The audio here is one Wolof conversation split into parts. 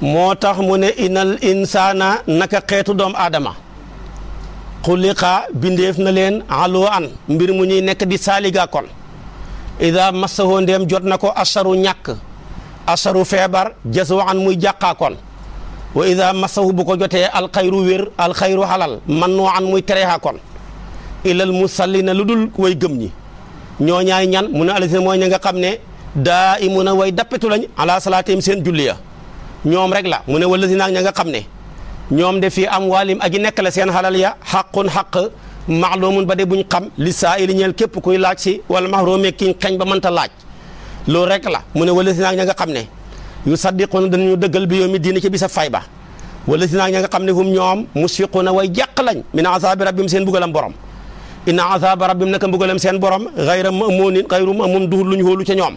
moo tax mu ne inal insaana naka xeetu doomu aadama xuliqa bindeef na leen aloo an mbir mu ñuy nekk di saaliga kon ida massahoo ndeem jot na ko asaru ñàkk asaru feebar jaswa an muy jàqaa kon wa ida massahu bu ko jotee alxayru wér alxayru xalal man noo an muy tereexa kon ilal na lu dul way gëm ñi ñoo ñaay ñan mu ne alasi mooy ña nga xam ne daa imuna way dappetu lañ ala salaatim seen julli ñoom rek la mu ne wala si naag ña nga xam ne ñoom de fii amwaalim ak yi nekk la seen xalal ya xaqun xaq maalumun ba de buñ xam li saa ili ñeel képp kuy laaj si wala mahroome kiñ xeñ ba mënta laaj loolu rek la mu ne wala si naag ña nga xam ne yu saddiquna danañu dëggal bi yawmi diini ci bisa fay ba wala si naag ña nga xam ne hum ñoom musfiquna way jàq lañ min azaabi rabbim seen bugalam borom inna azaba rabbim naka mbugalam seen borom xayra mamunin xayru mamum duhul luñ hóolu ca ñoom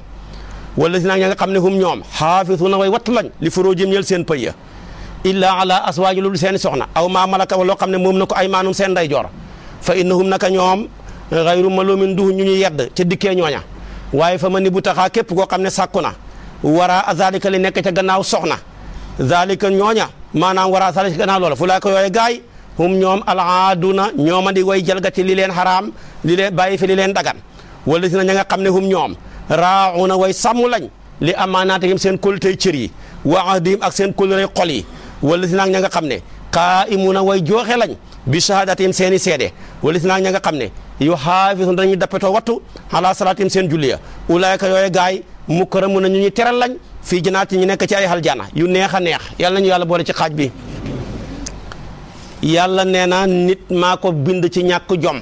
wala si naag ña nga xam ne hum ñoom xaafisuuna way wattu lañ li furuujim ñeel seen pëy ya illaa ala aswaaji lu seen soxna aw maa malaka wa loo xam ne moom na ko ay maanum seen nday joor fa innahum naka ñoom xayru malumin duhu ñu ñu yedd ca dikkee ñooña waaye fa ma ni bu taxaa képp koo xam ne sàkku na waraa zalika li nekk ca gannaaw soxna zalika ñooña maanaam waraa zalika gannaaw loola fu laa ko yooye gaay hum ñoom alaaduna ñooma di way jalgati li leen xaraam li leen bàyyi fi li leen dagan wala si na ña nga xam ne hum ñoom raauna way sàmm lañ li amaanaatihim seen kóllitey cër yi wa ahdihim ak seen kóllitey xol yi wala si naag ña nga xam ne na way jooxe lañ bi shahadatihim seen i seede wala si naag ña nga xam ne yu xaafisuun dañuy dappetoo wattu ala salaatihim seen julliya ulaayka yooye gaay na ñu ñuy teral lañ fii janaati ñu nekk ci ay aljaana yu neex a neex yàlla nañu yàlla boole ci xaaj bi yàlla nee nit maako ko bind ci ñàkk jom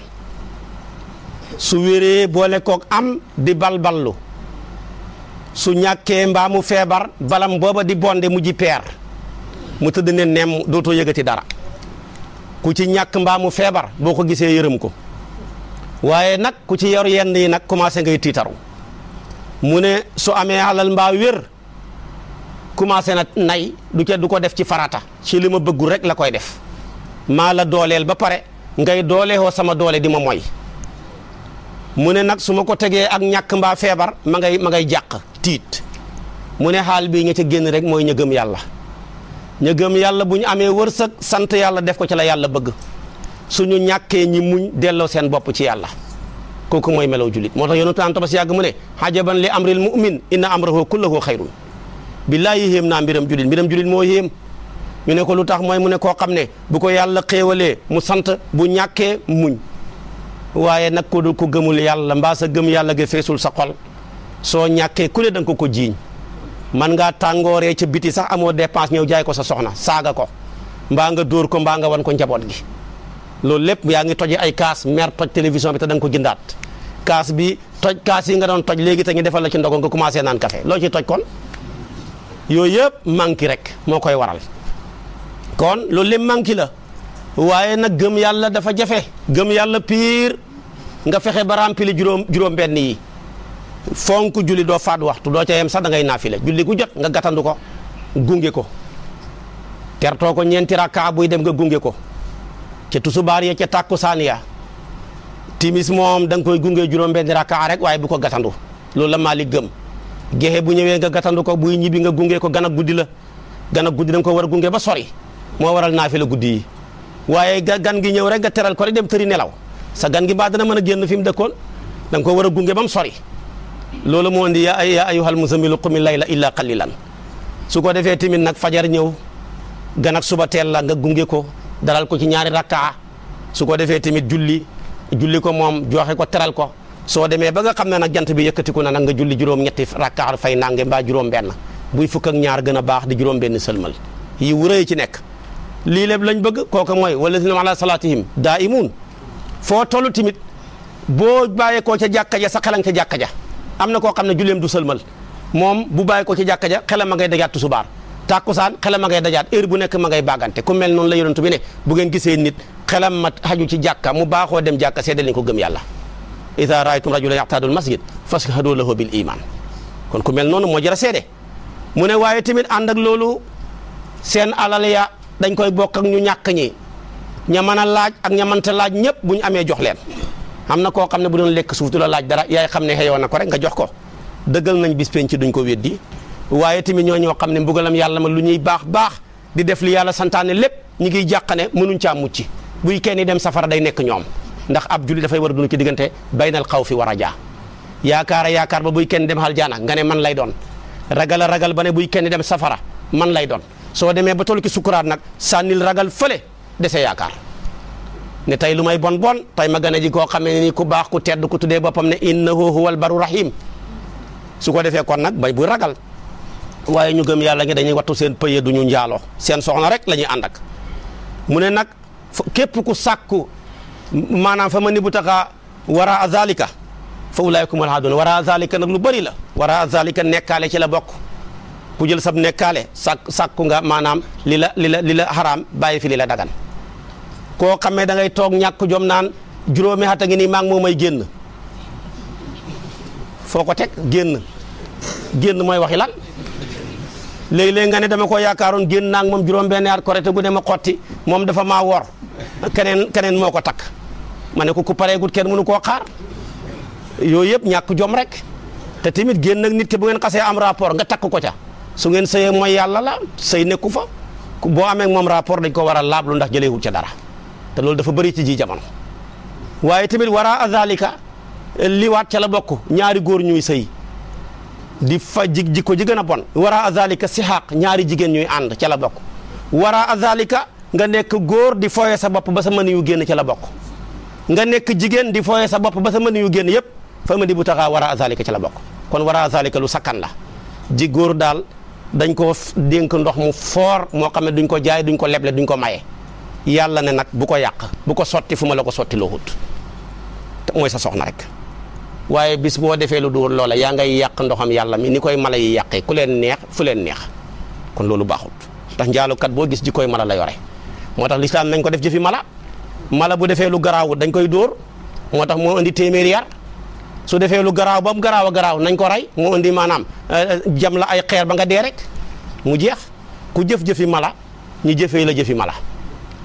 su wéree boole kook am di balballu su ñàkkee mbaamu feebar balam booba di bonde mu ji peer mu tëdd ne nem dootoo yëgati dara ku ci ñàkk mbaa mu feebar boo ko gisee yërëm ko waaye nag ku ci yor yenn yi nag commencé ngay tiitaru mu ne su amee alal mbaa wér commencé na nay du ca du ko def ci farata ci li ma bëggul rek la koy def maa la dooleel ba pare ngay dooleewoo sama doole di ma moy mu ne nag su ma ko tegee ak ñàkk mbaa feebar ma ngay ma ngay jàq tiit mu ne xaal bii ña ca génn rek mooy ña gëm yàlla ña gëm yàlla bu ñu amee wërsëg sant yàlla def ko ci la yàlla bëgg suñu ñàkkee ñi muñ delloo seen bopp ci yàlla kooku mooy melaw julit moo tax yonent an tabas yàgg mu ne xajaban li amril mu'min inna amrahu kullahu xayrun billaahi yéem naa mbiram julit mbiram julit moo yéem ñu ne ko lu tax mooy mu ne koo xam ne bu ko yàlla xéewalee mu sant bu ñàkkee muñ waaye nag ko dul ko gëmul yàlla mbaa sa gëm yàlla ga feesul sa xol soo ñàkkee ku ne da nga ko ko jiiñ man ngaa tàngooree ca biti sax amoo dépense ñëw jaay ko sa soxna saaga ko mbaa nga dóor ko mbaa nga wan ko njaboot gi loolu lépp yaa ngi toje ay kaas mer toj télévision bi te da nga ko jëndaat kaas bi toj kaas yi nga doon toj léegi te ñu defal la ci ndogo nga commencé naan kafe loo ciy toj kon yooyu yëpp manqué rek moo koy waral kon loolu lépp manqué waaye nag gëm yàlla dafa jafe gëm yàlla piir nga fexe ba rempli juróom juróom benn yi fonk julli doo faat waxtu doo ca yem sax da ngay naafile julli gu jot nga gàttandu ko gunge ko tertoo ko ñeenti rakka buy dem nga gunge ko ca baar ya ca tàkkusaan ya timis moom da koy gunge juróom benn rakka rek waaye bu ko gàttandu loolu la Maalik gëm gexe bu ñëwee nga gàttandu ko buy ñibbi nga gunge ko gana guddi la gana guddi da ko war a gunge ba sori moo waral naafile guddi yi waaye gan gi ñëw rek nga teral ko rek dem tëri nelaw sa gan gi mbaa dana mën a génn fi mu dëkkoon da ko war a gunge ba sori loolu moo indi yaa yaa ayyuhal muzammilu qumi layla illa qalilan su ko defee tamit nag fajar ñëw gan ak suba teel la nga gunge ko daral ko ci ñaari rakkaa su ko defee tamit julli julli ko moom joxe ko teral ko soo demee ba nga xam ne nag jant bi yëkkatiku na nag nga julli juróom-ñetti rakkaa fay nange mbaa juróom-benn buy fukk ak ñaar gën a baax di juróom-benn sëlmal yi wuree ci nekk. lii lépp lañ bëgg kooka mooy walladina ala salaatihim daa imuun foo toll tamit boo bàyyee koo ca jàkka ja sa xelang ca jàkka ja am na koo xam ne julleem du sëlmal moom bu bàyyee ko ca jàkka ja xelam ma ngay dajaat tusubaar tàkkusaan xelam ma ngay dajaat heure bu nekk ma ngay bàggante ku mel noonu la yonent bi ne bu ngeen gisee nit xelam ma xaju ci jàkka mu baaxoo dem jàkka seedal leen ko gëm yàlla ida raaytum rajulan yaqtaadul masjid fashhadu lahu bil iman kon ku mel noonu moo jara seede mu ne waaye tamit ànd ak loolu seen alal ya dañ koy bokk ak ñu ñàkk ñi ña mën a laaj ak ña mënta laaj ñëpp bu ñu amee jox leen am na koo xam ne bu doon lekk suuf du la laaj dara yaay xam ne xëyoon na ko rek nga jox ko dëggal nañ bis penc duñ ko weddi waaye tamit ñoo ñoo xam ne mbugalam yàlla ma lu ñuy baax baax di def li yàlla santaane lépp ñi ngiy jàqane mënuñ caa mucc buy kenn dem safara day nekk ñoom ndax ab julli dafay war a dund ci diggante baynal xaw fi war a jaa yaakaar yaakaar ba buy kenn dem aljaana nga ne man lay doon ragal a ragal ba buy kenn dem safara man lay doon soo demee ba toll ki sukuraat nag sànnil ragal fële dese yaakaar ne tey lu may bon bon tay ma gën a ji koo xamee ni ku baax ku tedd ku tuddee boppam ne innahu huwal baru rahim su ko defee kon nag bay bu ragal waaye ñu gëm yàlla ngi dañuy wattu seen pëye du ñu njaaloo seen soxna rek la ñuy ànd mu ne nag képp ku sàkku maanaam fa ma ni bu taka taxaa wara zalika fa ulaayikumul haaduun wara zalika nag lu bëri la wara zalika nekkaale ci la bokk ku jël sab nekkaale sàkk sàkku nga maanaam li la li la li la xaraam bàyyi fi li la dagan koo xamee da ngay toog ñàkk jom naan juróomi at a ngi nii maa ngi moo génn foo ko teg génn génn mooy waxi lan léeg-léeg nga ne dama ko yaakaaroon génn naa moom juróom benn at korite gu ne ma xotti moom dafa maa wor keneen keneen moo ko takk ma ne ko ku pareegut kenn mënu koo xaar yooyu yëpp ñàkk jom rek te tamit génn nag nit ki bu ngeen xasee am rapport nga takk ko ca su ngeen sëyee mooy yàlla la sëy nekku fa boo amee moom rapport dañ ko war a laablu ndax jëleewul ca dara te loolu dafa bëri ci ji jamono waaye tamit wara azalika liwaat ca la bokk ñaari góor ñuy say di fa ji jikko ji gën a bon wara azalika si xaq ñaari jigéen ñuy ànd ca la bokk wara azalika nga nekk góor di fooye sa bopp ba sa mën yu génn ca la bokk nga nekk jigéen di fooye sa bopp ba sa mën yu génn yëpp fa ma di bu taxaa wara azalika ca la bokk kon wara azalika lu sakkan la ji góor daal dañ ko dénk ndox mu foor moo xam ne duñ ko jaay duñ ko leble duñ ko maye yàlla ne nag bu ko yàq bu ko sotti fu ma la ko sotti loo wut mooy sa soxna rek waaye bis boo defee lu dul loola yaa ngay yàq ndoxam yàlla mi ni koy mala yi yàqee ku leen neex fu leen neex kon loolu baaxut ndax njaalukat boo gis ji koy mala la yore moo tax lislaam nañ ko def jëfi mala mala bu defee lu garaawut dañ koy dóor moo tax moo indi téeméeri yar su defee lu garaaw ba mu garaaw a garaaw nañ ko rey mu indi maanaam euh, jam la ay xeer ba nga dee rek mu jeex ku jëf-jëfi mala ñu jëfee la jëfi mala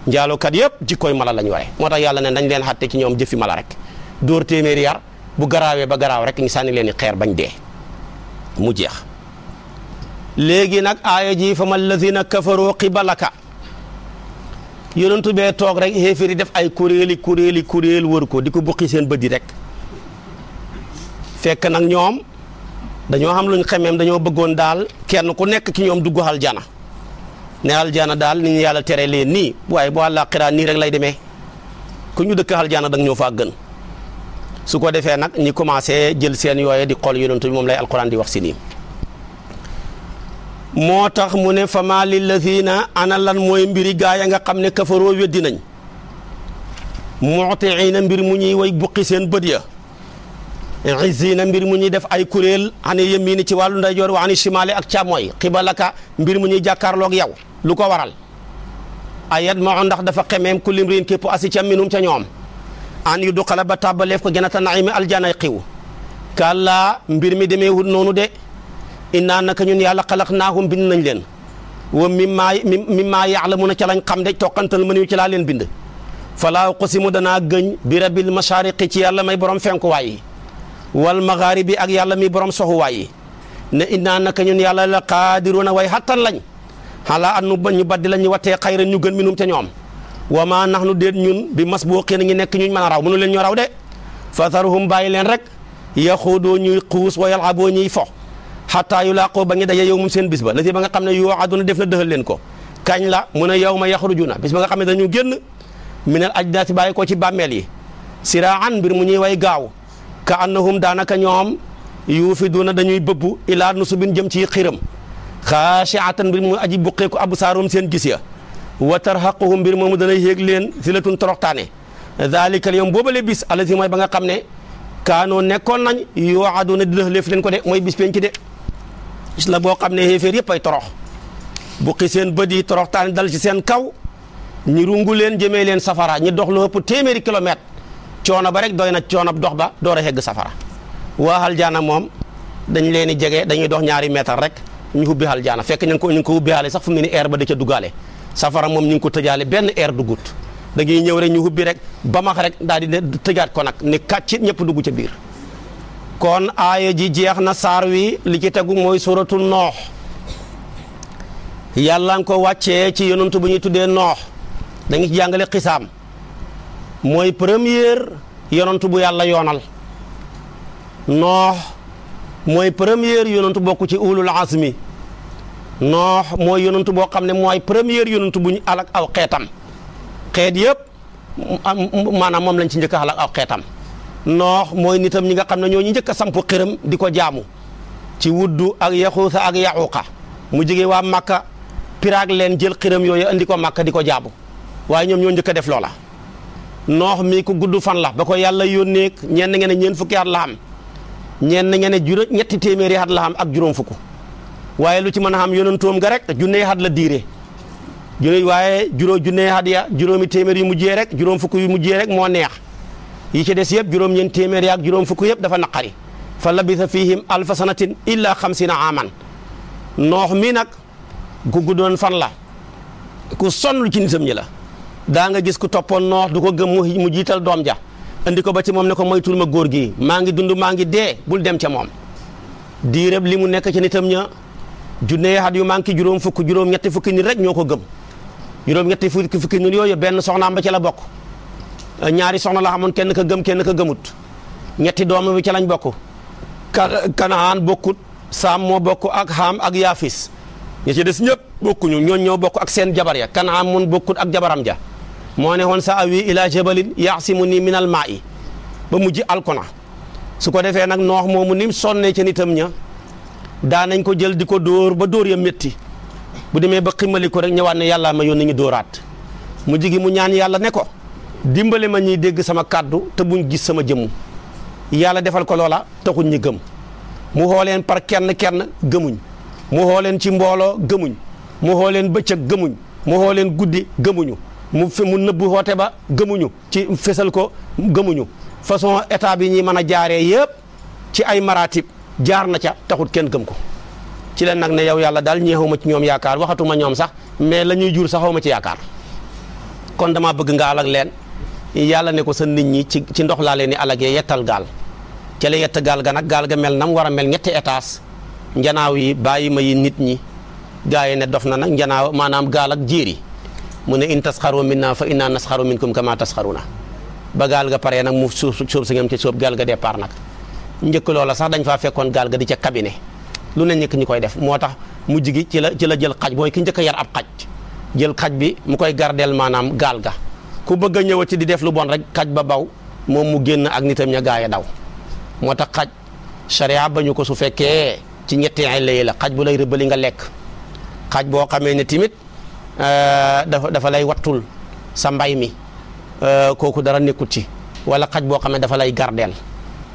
njaalookat yëpp jikkooy mala lañ waree moo tax yàlla ne dañ leen xatte ci ñoom jëfi mala rek dóor téeméeri yar bu garaawee ba garaaw rek ñu sànni leen i xeer bañ dee mu jeex léegi nag aaya ji fa ma lazina kafaroo qibalaka yonentu bee toog rek xéeféeri def ay kuréeli kuréeli kuréel wër ko di ko buqi seen bët yi rek fekk nag ñoom dañoo xam luñ xemeem dañoo bëggoon daal kenn ku nekk ki ñoom dugg aljana ne aljana daal ni ñu yàlla tere leen nii waaye bu àllaaxira nii rek lay demee ku ñu dëkk aljana da ñoo faa gën su ko defee nag ñi commencé jël seen yooye di xool yonent bi moom lay alquran di wax si nii moo tax mu ne fama lillazina ana lan mooy mbiri gaa ya nga xam ne kafaroo weddi nañ muutiina mbir mu ñuy way buqi seen bët ya na mbir mu ñuy def ay kuréel ani yemini ci wàllu ndeyjoor wa ani shimaali ak càmmooy xibalaka mbir mu ñuy jàkkaarloog yow lu ko waral ayat moo ndax dafa xemeem ku lim riin képp asi ca minum ca ñoom an yu duqala ba tàbbaleef ko gënata naimi aljanay xiw kàlla mbir mi demee wut noonu de innaa naka ñun yàlla xalaq naahum bind nañ leen wa mimmaa mimmaa ya'lamuuna ca lañ xam de toqantal mënuñu ci laa leen bind falaa uqsimu danaa gëñ bi rabbil ci yàlla may borom fenkuwaay wal maxaaribi ak yàlla mi borom soxuwaay yi ne innaa naka ñun yàlla la qaadiruuna way xattan lañ xalaa an ñu baddi la ñu watee xayra ñu gën minum ca ñoom wa ma nax nu déet ñun bi mas boo xii na ngi nekk ñuñ mën a raw mënu leen ñoo raw de fatharuhum bàyyi leen rek yaxuudoo ñuy xuus wa yalaboo ñuy fo xataa yu laaqoo ba ngi daje yow mu seen bis ba la si ba nga xam ne wa aduna def na dëxal leen ko kañ la mun a yow ma yaxrujuna na ba nga xam ne dañu génn minal ajdaasi bàyyi ko ci bàmmeel yi siraan mbir mu ñuy way gaaw ka annahum daanaka ñoom yuufiduuna dañuy bëbbu ilaa nusubin jëm ci xiram xaashiatan mbir mu aji abu absaarum seen gis ya wa tarhaquhum mbir moomu dana yéeg leen zilatun toroxtaane daalika yawm boobale bis alasi mooy ba nga xam ne kaanoo nekkoon nañ yuuaduuna di lëf ko de mooy bis penc de bis la boo xam ne xéeféer yëpp ay torox buqi seen bët yi toroxtaane dal ci seen kaw ñi rungu leen jëmee leen safara ñi dox lu ëpp téeméeri kilomètre coono ba rek doy na coono dox ba door a hegg safara waa aljaana moom dañ leen di jege dañuy dox ñaari meetar rek ñu ubbi aljaana fekk ñu ko ñu ngi ko ubbiaale sax fu mu ne ni air ba safara moom ñu ngi ko tëjaale benn air dugut da ngay ñëw rek ñu ubbi rek ba max rek daal di leen tëjaat ko nag ni kàccit ñëpp dugg ca biir kon aaya ji jeex na saar wi li ci tegu mooy suratul noox yàlla nga ko wàccee ci yonantu bu ñuy tuddee noox da nga ci jàngale xisaam mooy premier yonantu bu yàlla yoonal noox mooy premier yonantu bokk ci ulul azmi noox mooy yonantu boo xam ne mooy premier yonantu bu ñu alak aw xeetam xeet yëpp maanaam moom lañ ci njëkk a aw xeetam noox mooy nitam ñi nga xam ne ñoo ñu njëkk a samp xërëm di ko jaamu ci wuddu ak yaxuusa ak yaxuuqa mu jege waa Makka piraag leen jël xërëm yooyu andi ko Makka di ko jaabu waaye ñoom ñoo njëkk def loola. noox mi ku gudd fan la ba ko yàlla yónnee ñenn ngeen ne ñeent fukki at la ñeen ñenn ngeen ne juróom ñetti téeméeri at la am ak juróom fukk waaye lu ci mën a am yonentoom ga rek junne at la diire junne waaye juróom junne at ya juróomi téeméer yu mujjee rek juróom fukk yu mujje rek moo neex yi ci des yëpp juróom ñeent téeméer ak juróom fukk yëpp dafa naqari fa labitha fihim alfa sanatin illa xamsina aman noox mii nag ku guddoon fan la ku sonn ci nitam ñi la daa nga gis ku toppoon noox du ko gëm mu jiital doom ja andi ko ba ci moom ne ko moytul ma góor gi maa ngi dund maa ngi dee bul dem ca moom diireb li mu nekk ci nitam ña junne at yu manqué juróom fukk juróom ñetti fukki nit rek ñoo ko gëm juróom ñetti fukki fukki nit benn benn am ba ci la bokk ñaari soxna la xamoon kenn ka gëm kenn ka gëmut ñetti doom bi ca lañ bokk ka kanaan bokkut saam moo bokk ak xaam ak yaafis ñi ci des ñëpp bokkuñu ñooñ ñoo bokk ak seen jabar ya kanaan mun bokkut ak jabaram ja moo ne woon sa awi ila jabalin yaasimu nii minal maa i ba mujj alkona su ko defee nag noox moomu ni mu sonnee ca nitam ña daanañ ko jël di ko dóor ba dóor ya métti bu demee ba ximmali ko rek ñëwaat ne yàlla ma yónni ñu dóoraat mu jigi mu ñaan yàlla ne ko dimbale ma ñuy dégg sama kàddu te buñ gis sama jëmm yàlla defal ko loola taxuñ ñi gëm mu xooleen par kenn kenn gëmuñ mu xooleen ci mbooloo gëmuñ mu xooleen bëccëg gëmuñ mu xooleen guddi gëmuñu mu fi mu nëbbu woote ba gëmuñu ci fesal ko gëmuñu façon état bi ñuy mën a jaaree yëpp ci ay maratib jaar na ca taxut kenn gëm ko ci leen nag ne yow yàlla daal ñeexuma ci ñoom yaakaar waxatuma ñoom sax mais la ñuy jur saxuma ci yaakaar kon dama bëgg nga alag leen yàlla ne ko sa nit ñi ci ci ndox laa leen ni alagee yettal gaal ca la yett gaal ga nag gaal ga mel nam war a mel ñetti étage njanaaw yi bàyyi ma yi nit ñi gaa yi ne dof na nag njanaaw maanaam gaal ak jéeri mu ne in tasxaru minna fa inna nasxaru minkum kama tasxaruna ba gaal ga paree nag mu suuf suuf si ngeen ci suuf gaal ga départ nag njëkk loola sax dañ faa fekkoon gaal ga di ca cabinet lu ne njëkk ñu koy def moo tax mujj gi ci la ci la jël xaj mooy ki njëkk a yar ab xaj jël xaj bi mu koy gardeel maanaam gaal ga ku bëgg a ñëw ci di def lu bon rek xaj ba baw moom mu génn ak nitam ña gaay a daw moo tax xaj charia ba ñu ko su fekkee ci ñetti ay lay la xaj bu lay rëbbali nga lekk xaj boo xamee ne timit Euh, dafa dafa lay wattul sa mbay mi euh, kooku dara nekkut ci wala xaj boo xam ne dafa lay gardeel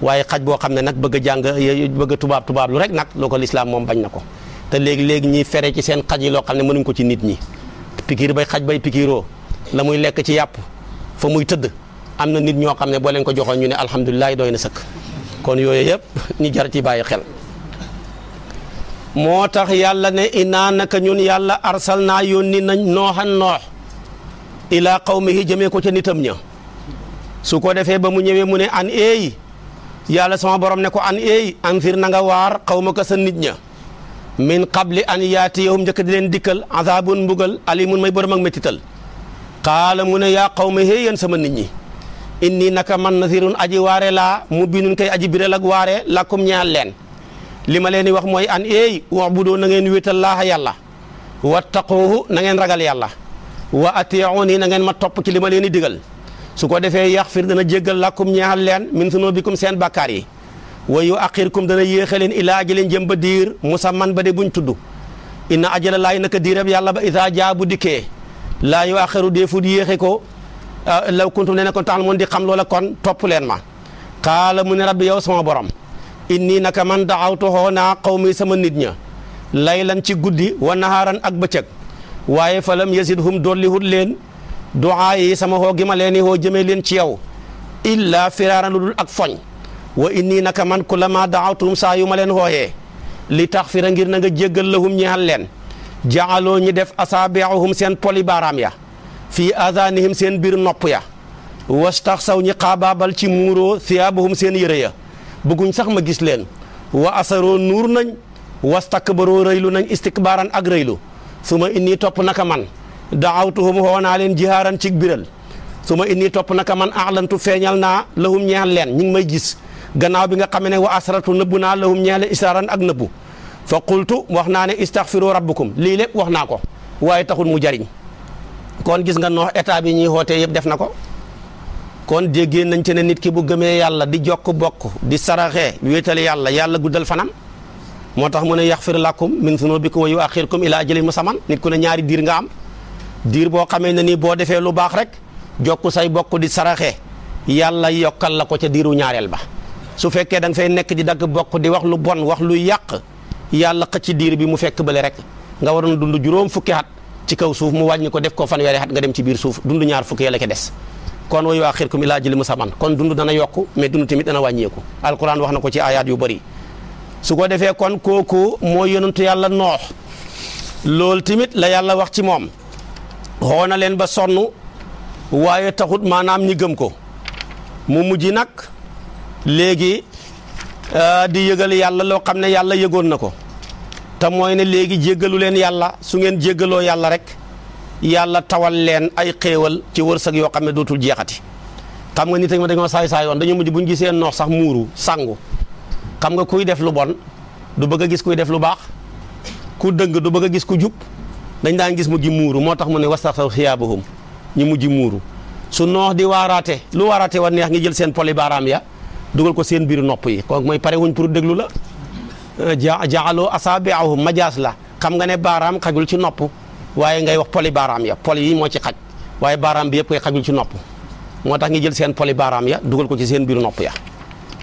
waaye xaj boo xam ne nag bëgg a jàng bëgg tubaab tubaab rek nag loo ko lislaam moom bañ na ko te léegi-léegi ñi fere ci seen xaj yi loo xam ne mënuñ ko ci nit ñi pikiir bay xaj bay pikiiroo la muy lekk ci yàpp fa muy tëdd am na nit ñoo xam ne boo leen ko joxoon ñu ne alhamdulilah dooy na sëkk kon yooyu yëpp ñu jar ci bàyyi xel moo tax yàlla ne inaa naka ñun yàlla arsal naa yónni nañ nooxan noox ilaa qawmihi jëmee ko ca nitam ña su ko defee ba mu ñëwee mu ne an eey yàlla sama borom ne ko an eey anfir na nga waar ko sa nit ña min qabli an yaati yowum njëkk di leen dikkal azaabun mbugal alimun may borom ak métital qaala mu ne yaa qawmi hee yéen sama nit ñi inni naka man nazirun aji waare laa mu binun kay aji biral ak waare lakum ñaal leen li ma leen di wax mooy an eey doo na ngeen wéetal laaha yàlla wattaquuhu na ngeen ragal yàlla wa atii'uuni na ngeen ma topp ci li ma leen di digal su ko defee yaxfir dana jéggal lakum ñeexal leen min zunuubikum seen bakkaar yi wa yu axirkum dana yéexe leen ilaa ajalin jëm ba diir musamman ba de buñ tuddu inna ajala laay naka diirab yàlla ba isaa jaa bu dikkee laa yu axiru deefut yéexe ko ah, law kuntum ne ne ko taxal moon di xam loola kon topp leen ma xaala mu ne rabbi yow sama borom inni naka man daawtuhoo naa qawmi sama nit ña laylan ci guddi wa nahaaran ak bëcëg waaye falam yazidhum dollihut leen duaa sama hoo gi ma leen i hoo jëmee leen ci yow illa firaaran lu ak foñ wa inni naka man ku la ma daawtuhum saa yu ma leen hooyee li tax fira ngir na nga jéggal lahum ñeexal leen jaxaloo ñi def asaabiahum seen poli baaraam ya fii azaanihim seen biir nopp ya wastax saw ñi xaabaabal ci muuroo siyaabahum seen yëre ya bëgguñ sax ma gis leen wa asaroo nuur nañ wastakbaroo rëylu nañ istikbaaran ak rëylu su ma inni topp naka man daawtuhum xoo naa leen jihaaran cig biral su ma inni topp naka man aalantu feeñal naa lahum ñeel leen ñu ngi may gis gannaaw bi nga xamee ne wa asratu nëbbu naa lahum ñeel israaran ak nëbbu fa qultu wax naa ne istaxfiru rabbukum lii lépp wax naa ko waaye taxul mu jariñ kon gis nga noox état bi ñuy xootee def na ko kon déggee nañ ci ne nit ki bu gëmee yàlla di jokk bokk di saraxee wéetal yàlla yàlla guddal fanam moo tax mu ne yaxfir lakum min zunubikum wa yuaxirkum ila ajalin musamman nit ku ne ñaari diir nga am diir boo xamee ne nii boo defee lu baax rek jokk say bokk di saraxee yàlla yokkal la ko ca diiru ñaareel ba su fekkee da nekk di dagg bokk di wax lu bon wax lu yàq yàlla xëcc diir bi mu fekk bële rek nga waroon dund juróom fukki at ci kaw suuf mu wàññi ko def ko fanweeri at nga dem ci biir suuf dund ñaar fukki la ca des kon wa yuaxirkum ilaa ajalin musamman kon dund dana yokk mais dund tamit dana wàññeeku alquran waxna ko ci ayaat yu bari su ko defee kon kooku moo yonentu yàlla noox loolu tamit la yàlla wax ci moom xoo na leen ba sonn waaye taxut maanaam ñi gëm ko mu mujj nag léegi euh, di yëgal yàlla loo xam ne yàlla yëgoon na ko te mooy ne léegi jéggalu leen yàlla su ngeen jéggaloo yàlla rek yàlla tawal leen ay xéewal ci wërsëg yoo xam ne dootul jeexati xam nga nit ak ma dañoo saay-saayoon dañoo mujj buñ gisee noox sax muuru sangu xam nga kuy def lu bon du bëgg a gis kuy def lu baax ku dëng du bëgg a gis ku jub dañ daan gis mujj muuru moo tax mu ne sax wastaxsaw xiyaabahum ñu mujj muuru su noox di waaraate lu waaraate wa neex ngi jël seen poli baaraam ya dugal ko seen biir nopp yi kooku mooy pare wuñ pour déglu la euh, jaaloo asaabiahum majaas la xam nga ne baaraam xajul ci nopp waaye ngay wax poli baaraam ya poli yi moo ci xaj waaye baaraam bi yëpp koy xajul ci nopp moo tax ngi jël seen poli baaraam ya dugal ko ci seen biir nopp ya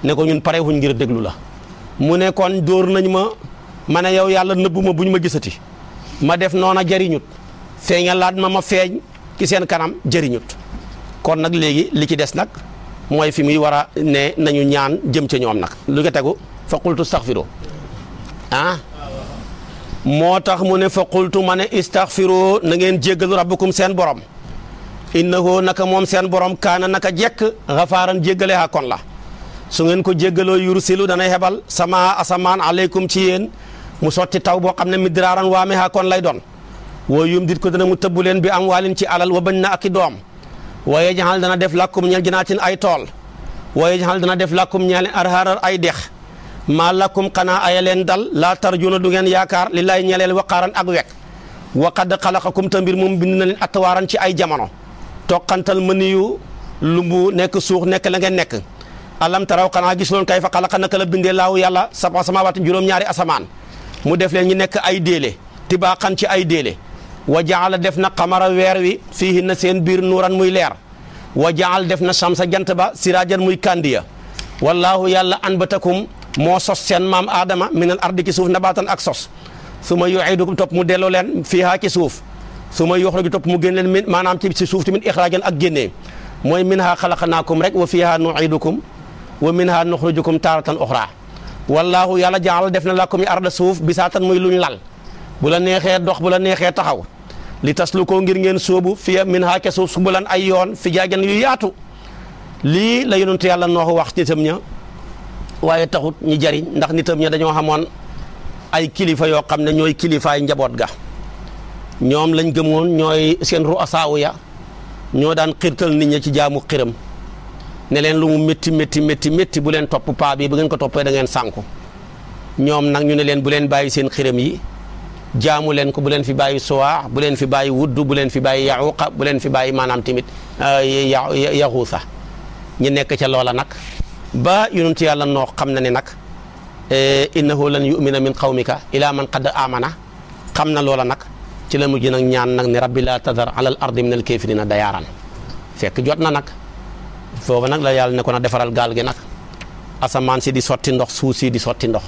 ne ko ñun pare wuñ ngir déglu la mu ne kon dóor nañ ma ma ne yow yàlla nëbbu ma buñ ma gisati ma def noona jariñut feeñalaat ma ma feeñ ci seen kanam jëriñut kon nag léegi li ci des nag mooy fi muy war a ne nañu ñaan jëm ca ñoom nag lu nga tegu fa qultu staxfiru ah moo tax mu ne fa qultu ma ne istaxfiru na ngeen jéggalu rabbukum seen borom innahu naka moom seen borom kaana naka jekk xafaaran jéggale ha kon la su ngeen ko jéggaloo yursilu danay hebal sama asamaan aleykum ci yéen mu sotti taw boo xam ne midraaran waame ha kon lay doon woo yum dit ko dana mu tëbbu leen bi am waalin ci alal wa bañ na ak doom waaye jaxal dana def làkkum ñeel jinaatin ay tool waaye jaxal dana def làkkum ñeel arhaarar ay dex maa lakum xanaa aya leen dal laa tarjuna du ngeen yaakaar li lay ñeleel waqaaran ak wekk waqad ta tambir moom bind na leen attawaaran ci ay jamono toqantal mëniyu lumbu nekk suux nekk la ngeen nekk alam taraw xanaa gis loon kay fa ka naka la bindee laaw yàlla saba samaawaati juróom-ñaari asamaan mu def leen ñu nekk ay déele tibaaxan ci ay déele wa jaala def na xamara weer wi fiihi na seen biir nuuran muy leer wa jaal def na samsa jant ba siraajan muy kàndiya moo sos seen maam Adama minal ardi ci suuf nabaatan ak sos su ma yu'idukum topp mu delloo leen fiihaa ci suuf su ma yuxriju topp mu génn leen min maanaam ci suuf tamit ixraajan ak génnee mooy minhaa xalaqnaakum rek wa fiihaa nu'idukum wa minhaa nuxrijukum taaratan uxraa wallaahu yàlla jaal def na lakum arda suuf bisaatan muy luñ lal bu la neexee dox bu la neexee taxaw li ko ngir ngeen sóobu fiya minhaa ca suuf subulan ay yoon fi jaajan yu yaatu lii la yàlla nooxu wax ci tam ña waaye taxut ñu jariñ ndax nitam ña dañoo xamoon ay kilifa yoo xam ne ñooy kilifaay njaboot ga ñoom lañ gëmoon ñooy seen ruasaawu ya ñoo daan xirtal nit ñi ci jaamu xiram ne leen lu mu métti métti métti métti bu leen topp paa bi bu ngeen ko toppee da ngeen sànku ñoom nag ñu ne leen bu leen bàyyi seen xiram yi jaamu leen ko bu leen fi bàyyi suwaa bu leen fi bàyyi wudd bu leen fi bàyyi yaxuuqa bu leen fi bàyyi maanaam tamit yaxuusa ñu nekk ca loola nag ba yonent yàlla noo xam na ne nag eh, innahu lan yumina min ka ila man qad amana xam na loola nag ci la mujj nag ñaan nag ne rabbi laa tadar alal ardi min al kaafirina dayaaran fekk jot na nag foofu nag la yàlla ne a defaral gaal gi nag asamaan si di sotti ndox suuf si di sotti ndox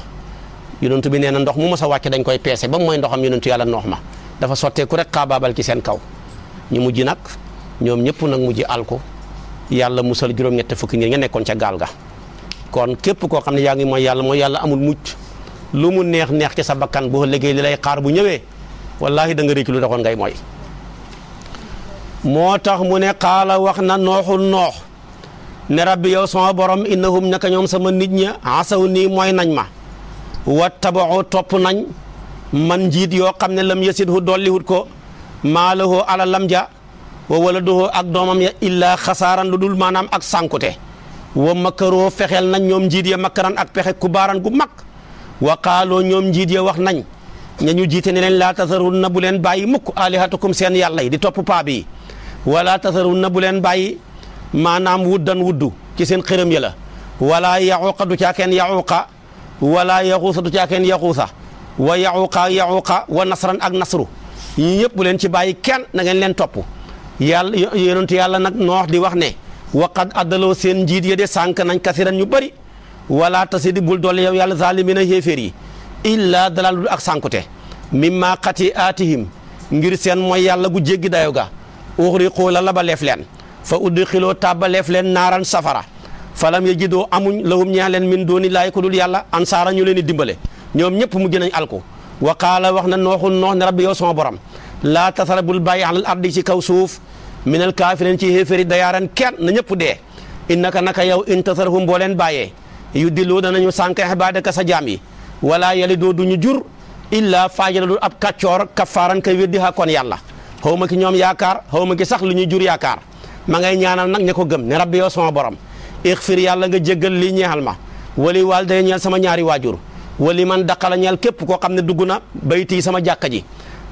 yonent bi nee na ndox mu mos a wàcce dañ koy peese ba mooy ndoxam yonentu yàlla noox ma dafa sottee ku rek xaabaabal ci seen kaw ñu mujj nag ñoom ñëpp nag mujj alku yàlla musal juróom-ñett fukki nit nga nekkoon ca gaal ga kon képp koo xam ne yaa ngi mooy yàlla mooy yàlla amul mucc lu mu neex neex ci sa bakkan boo liggéey li lay xaar bu ñëwee wallaahi da nga réccu lu taxoon ngay mooy moo tax mu ne kaala wax na nooxul noox ne rabbi yow sama borom innahum naka ñoom sama nit ña asaw nii mooy nañ ma wa tabaxu topp nañ man njiit yoo xam ne lam yasidhu dolliwut ko maalahu ala lam ja wa waladuhu ak doomam ya illaa xasaaran lu dul maanaam ak sànkute wa makaroo fexeel nañ ñoom njiit ya makaran ak pexe ku baaran gu mag wa qaaloo ñoom njiit ya wax nañ ña ñu jiite ne leen laa tasarunna bu leen bàyyi mukk alihatakum seen yàlla di toppu paa bi wala tasarunna bu leen bàyyi maanaam wuddan wuddu ci seen xërëm ya la wala yaxuqa du caa kenn yaxuqa wala yaxuusa du caa kenn yaxuusa wa yaxuqa yaxuqa wa nasaran ak nasaru yii yëpp bu leen ci bàyyi kenn na ngeen leen topp yàlla yàlla nag noox di wax ne waqad addaloo seen njiit ya de sànq nañ kasiran ñu bëri wala tasidi bul doole yow yàlla zaalimina xéeféer yi illaa dalalul ak sànkute mimma xati aatihim ngir seen mooy yàlla gu jéggi dayo ga uxriqoo la la ba leef leen fa uddi xiloo tàbba leef leen naaran safara falam ya jidoo amuñ lahum ñaa leen min dooni laay ku dul yàlla ansaara ñu leen di dimbale ñoom ñëpp mu gën añ alku wa qaala wax na nooxul noox ne rabbi yow sama borom laa tasara bul bàyyi minal kaafirin ci xéeféri dayaaran kenn na ñëpp dee innaka naka yow intasarhum boo leen bàyyee yu dillu danañu sànq ibaadaka sa jaam yi doo du ñu jur illa faajira du ab kàccoor kaffaaran kay weddi xakkoon yàlla xaw ma ki ñoom yaakaar xaw ma ki sax lu ñuy jur yaakaar ma ngay ñaanal nag ña ko gëm ne rabbi yow sama borom ixfir yàlla nga jéggal lii ñeexal ma wali waalday ñeel sama ñaari waajur wali man daqala ñeel képp koo xam ne dugg na bayti sama jàkka ji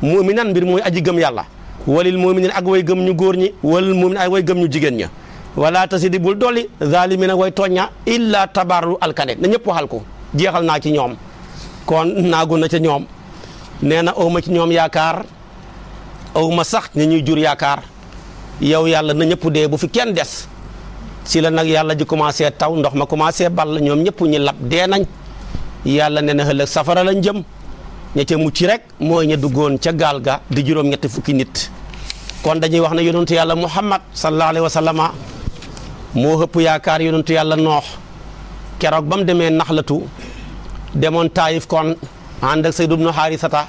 muminan mbir muy aji gëm yàlla walil mu'minin ak way gëm ñu góor ñi walil mu'minin ak way gëm ñu jigéen ña wala tasidi bul dolli zalimin ak way tooñña illa tabarru alkane na ñëpp waxal ko jeexal naa ci ñoom kon naagu na ca ñoom nee na awma ci ñoom yaakaar awma sax ñi ñuy jur yaakaar yow yàlla na ñëpp dee bu fi kenn des si la nag yàlla ji commencé taw ndox ma commencé ball ñoom ñëpp ñi lab dee nañ yàlla ne na safara lañ jëm ña ca mucc rek mooy ña duggoon ca gaal ga di juróom-ñetti fukki nit kon dañuy wax ne yonentu yàlla muhammad sallallahu alayhi wa sallama moo hëpp yaakaar yonentu yàlla noox keroog ba mu demee naxlatu demoon taayif kon ànd ak Sayd ibnu Xaarisata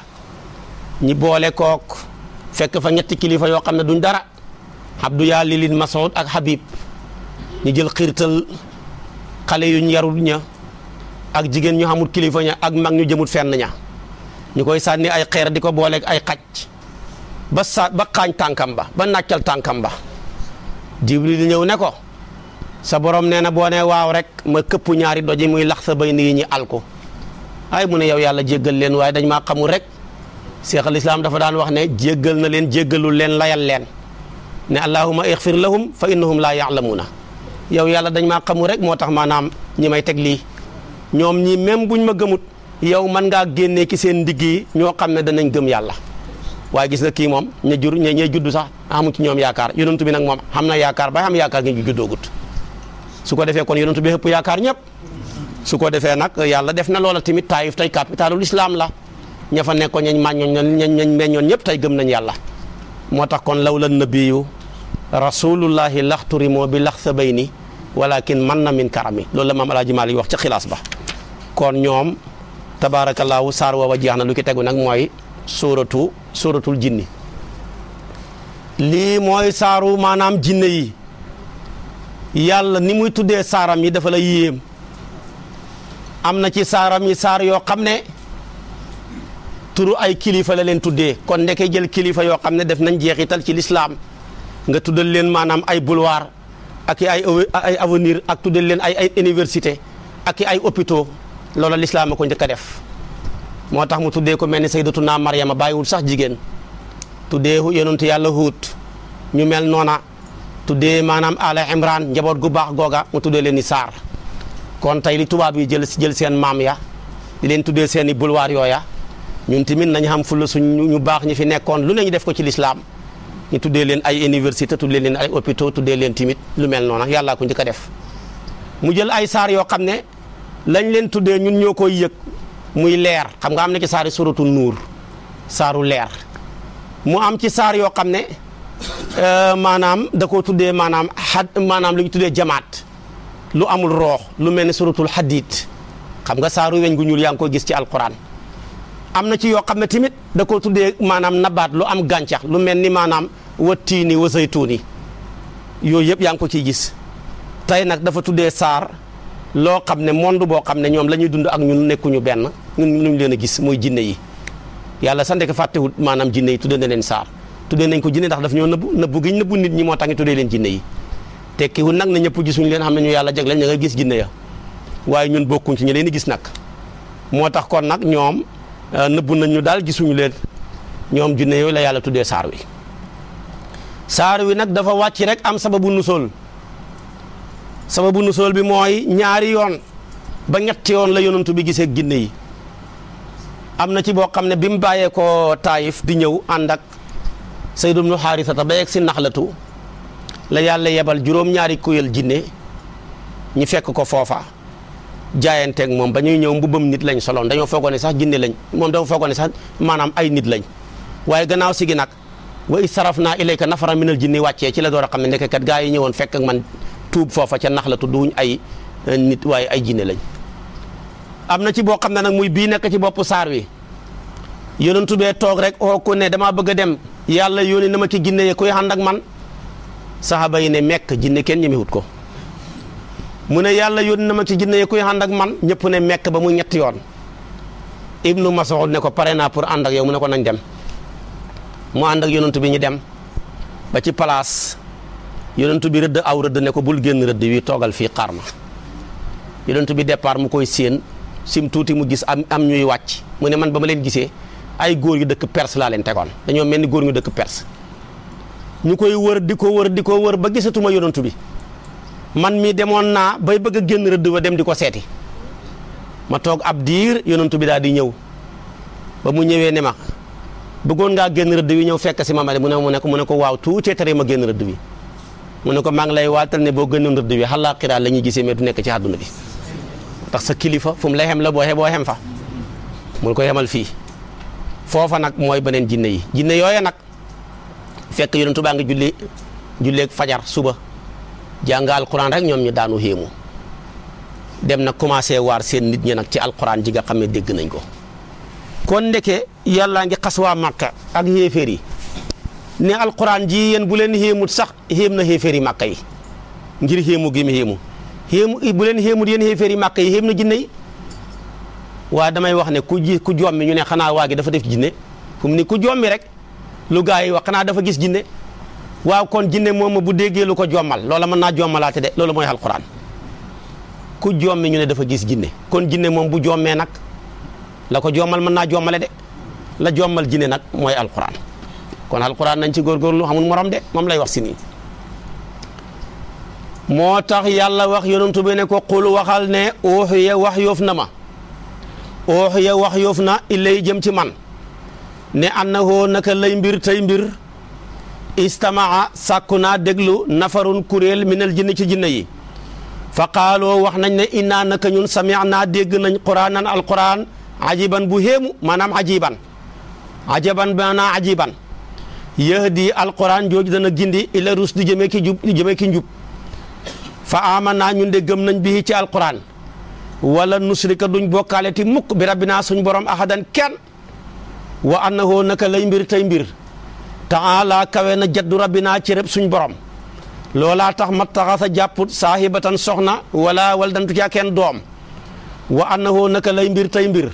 ñi boole kook fekk fa ñetti kilifa yoo xam ne duñ dara Abdou Yaali lin Masoud ak Habib ñu jël xiirtal xale yuñ yarul ña ak jigéen ñu xamul kilifa ña ak mag ñu jëmul fenn ña ñu koy sànni ay xeer di ko booleeg ay xaj ba sa ba xaañ tànkam ba ba nàccal tànkam ba jibril ñëw ne ko sa borom nee na boo ne waaw rek ma këpp ñaari doji muy lax sa bay nii ñi alko ay mu ne yow yàlla jéggal leen waaye dañ maa xamul rek cheikh al islam dafa daan wax ne jéggal na leen jéggalul leen layal leen ne allahuma ixfir lahum fa innahum laa mu na yow yàlla dañ maa xamul rek moo tax maanaam ñi may teg lii ñoom ñi même buñ ma gëmut yow man ngaa génnee ki seen ndigg yi ñoo xam ne danañ gëm yàlla waaye gis nga kii moom ña jur ña ña judd sax amu ci ñoom yaakaar yonent bi nag moom xam na yaakaar ba xam yaakaar gi ñu juddoogut su ko defee kon yonent bi ëpp yaakaar ñëpp su ko defee nag yàlla def na loola tamit taayif tey capitalul islam la ña fa nekkoon ñañ màññoon ñañ ñañ meññoon ñëpp tey gëm nañ yàlla moo tax kon law la nabiyu rasulullahi moo bi lax sa bay ni walakin man na min karami loolu la maam alaaji Maalik wax ca xilaas ba tabaarakallaahu saar woowa jeex na lu ki tegu nag mooy suuratu suuratul jinni lii mooy saaru maanaam jinne yi yàlla ni muy tuddee saaram yi dafa la yéem am na ci saaram yi saar yoo xam ne turu ay kilifa la leen tuddee kon ndeke jël kilifa yoo xam ne def nañ jeexital ci lislaam nga tuddal leen maanaam ay boulevard ak i ak tuddal leen ay ay université ak ay hôpitaux loola lislaam a ko njëkk a def moo tax mu tuddee ko mel ni naa sayyidatuna Maryama bàyyiwul sax jigéen tuddee yonentu yàlla Huut ñu mel noona tuddee maanaam ala imran njaboot gu baax googa mu tuddee leen ni saar kon tey li tubaab yi jël jël seen maam ya leen tuddee seeni i bulwaar yooya ñun tamit nañu xam fulla suñ ñu baax ñu fi nekkoon lu ne ñu def ko ci lislaam ñu tuddee leen ay université tuddee leen ay hôpitaux tuddee leen lu mel noona yàlla ku njëkk a def mu jël ay saar lañ leen tuddee ñun ñoo koy yëg muy leer xam nga am na ci saari suratu nuur saaru leer mu am ci saar yoo xam ne euh, maanaam da koo tuddee maanaam xad maanaam lu ñu tuddee jamaat lu amul roox lu mel ne suratul xadiid xam nga saaru weñ gu ñuul yaa ngi koy gis ci alquran am na ci yoo xam ne tamit da koo tuddee maanaam nabaat lu am gàncax lu mel ni maanaam wa tiini wa zaytuuni yooyu yëpp yaa ngi ko ciy gis tey nag dafa tuddee saar loo xam ne monde boo xam ne ñoom la ñuy dund ak ñun nekkuñu benn ñun ñu leen a gis mooy jinne yi yàlla sant ko fàttewut maanaam jinne yi tuddee na leen saar tuddee nañ ko jinne ndax daf ñoo nëbbu nëbbu gi ñu nëbbu nit ñi moo tax ñu tuddee leen jinne yi nag na ñëpp gisuñu leen xam ne ñu yàlla jagleel ña nga gis jinne ya waaye ñun bokkuñ ci ñu leen gis nag moo tax kon nag ñoom euh, nëbbu nañ ñu daal gisuñu leen ñoom jinne yooyu la yàlla tuddee saar wi saar wi nag dafa wàcc rek am sababu nusool sababu sol bi mooy ñaari yoon ba ñett yoon la yonantu bi gisee ginne yi am na ci boo xam ne bi mu bàyyee ko taayif di ñëw ànd ak Sayd ibnu Xaarisata ba yegg si nax la tu la yàlla yebal juróom-ñaari kuyal jinne ñu fekk ko foofa jaayanteeg moom ba ñuy ñëw mbubbam nit lañ soloon dañoo foogoon ne sax jinne lañ moom dafa foogoon ne sax maanaam ay nit lañ waaye gannaaw si gi nag wa is saraf naa ilayka nafara minal jinni wàccee ci la door a xam ne nekk kat gaa yi ñëwoon fekk ak man tuub foofa ca nax la tudd wuñ ay eh, nit waaye ay jinne lañ am na ci boo xam ne nag muy bii nekk ci boppu saar wi yonentu bee toog rek oo oh, ku ne damaa bëgg a dem yàlla yónni na ma ci jinne yi kuy ànd ak man saxaaba yi ne mekk jinne kenn ñemewut ko mu ne yàlla yónni na ma ci jinne kuy ànd ak man ñëpp ne mekk ba mu ñetti yoon ibnu Mas'ud ne ko pare naa pour ànd ak yow mu ne ko nañ dem mu ànd ak bi ñu dem ba ci palaas yonent bi rëdd aw rëdd ne ko bul génn rëdd wii toogal fii xaar ma yonent bi départ mu koy séen sim tuuti mu gis am am ñuy wàcc mu ne man ba ma leen gisee ay góor yu dëkk pers laa leen tegoon dañoo mel ni góor ñu dëkk pers ñu koy wër di ko wër di ko wër ba gisatuma yonontu bi man mii demoon naa bay bëgg a génn rëdd wa dem di ko seeti ma toog ab diir yonent bi daal di ñëw ba mu ñëwee ne ma bëggoon ngaa génn rëdd wi ñëw fekk si ma ma mu ne mu ne ko mu waaw tuutee tere ma génn rëdd wi mu ne ko maa ngi lay waatal ne boo gënoon rëdd bi xalaaqiraa la ñuy gisee mais du nekk ci àdduna bi ndax sa kilifa fu mu lay xem la boo boo xem fa mun ko yemal fii foofa nag mooy beneen jinne yi jinne yooya nag fekk yonentu baa ngi julli julleeg fajar suba jàng alquran rek ñoom ñu daanu xéemu dem na commencé waar seen nit ñi nag ci alquran ji nga xam ne dégg nañ ko kon ndeke yàllaa ngi xas waa Màkka ak yéeféer yi ne alquran ji yéen bu leen xéemut sax xéem na xéeféeri màkka yi ngir xéemu gi mu xéemu xéemu bu leen xéemut yéen xéeféeri yi xéem na jinne yi waa damay wax ne ku ji ku jommi ñu ne xanaa waa gi dafa def jinne fu ni ku jommi rek lu gaa yi wax xanaa dafa gis jinne waaw kon jinne moom ma bu déggee lu ko jommal loola mën naa jommalaate de loolu mooy alquran ku jommi ñu ne dafa gis jinne kon jinne moom bu jommee nag la ko jommal mën naa jommale de la jommal jinne nag mooy alxuraan kon alquran nañ ci góorgóorlu xamul morom de moom lay wax moo tax yàlla wax yonentu bi ne ko qul waxal ne uuxiya wax yoof na ma uuxiya wax yoof na ilay jëm ci man ne annahoo naka lay mbir tey mbir istamaa sàkku na déglu nafarun kuréel minal jinni ci jinne yi fa qaaloo wax nañ ne innaa naka ñun sami'naa dégg nañ quraanan alquran ajiban bu héemu maanaam ajiban ajaban maanaam ajiban yahdi alquran jooju dana gindi ila rusdi jëmee ki jub jëmee ama naa ñun de gëm nañ bii ci alquran wala nusrika duñ bokkaale ti mukk bi rabbina suñ borom ahadan kenn wa annahu naka lay mbir tey mbir taala kawe na jaddu rabbi naa rëb suñ borom loolaa tax mattaxasa jàpput saahibatan soxna wala wal dantu caa kenn doom wa annahu naka lay mbir tey mbir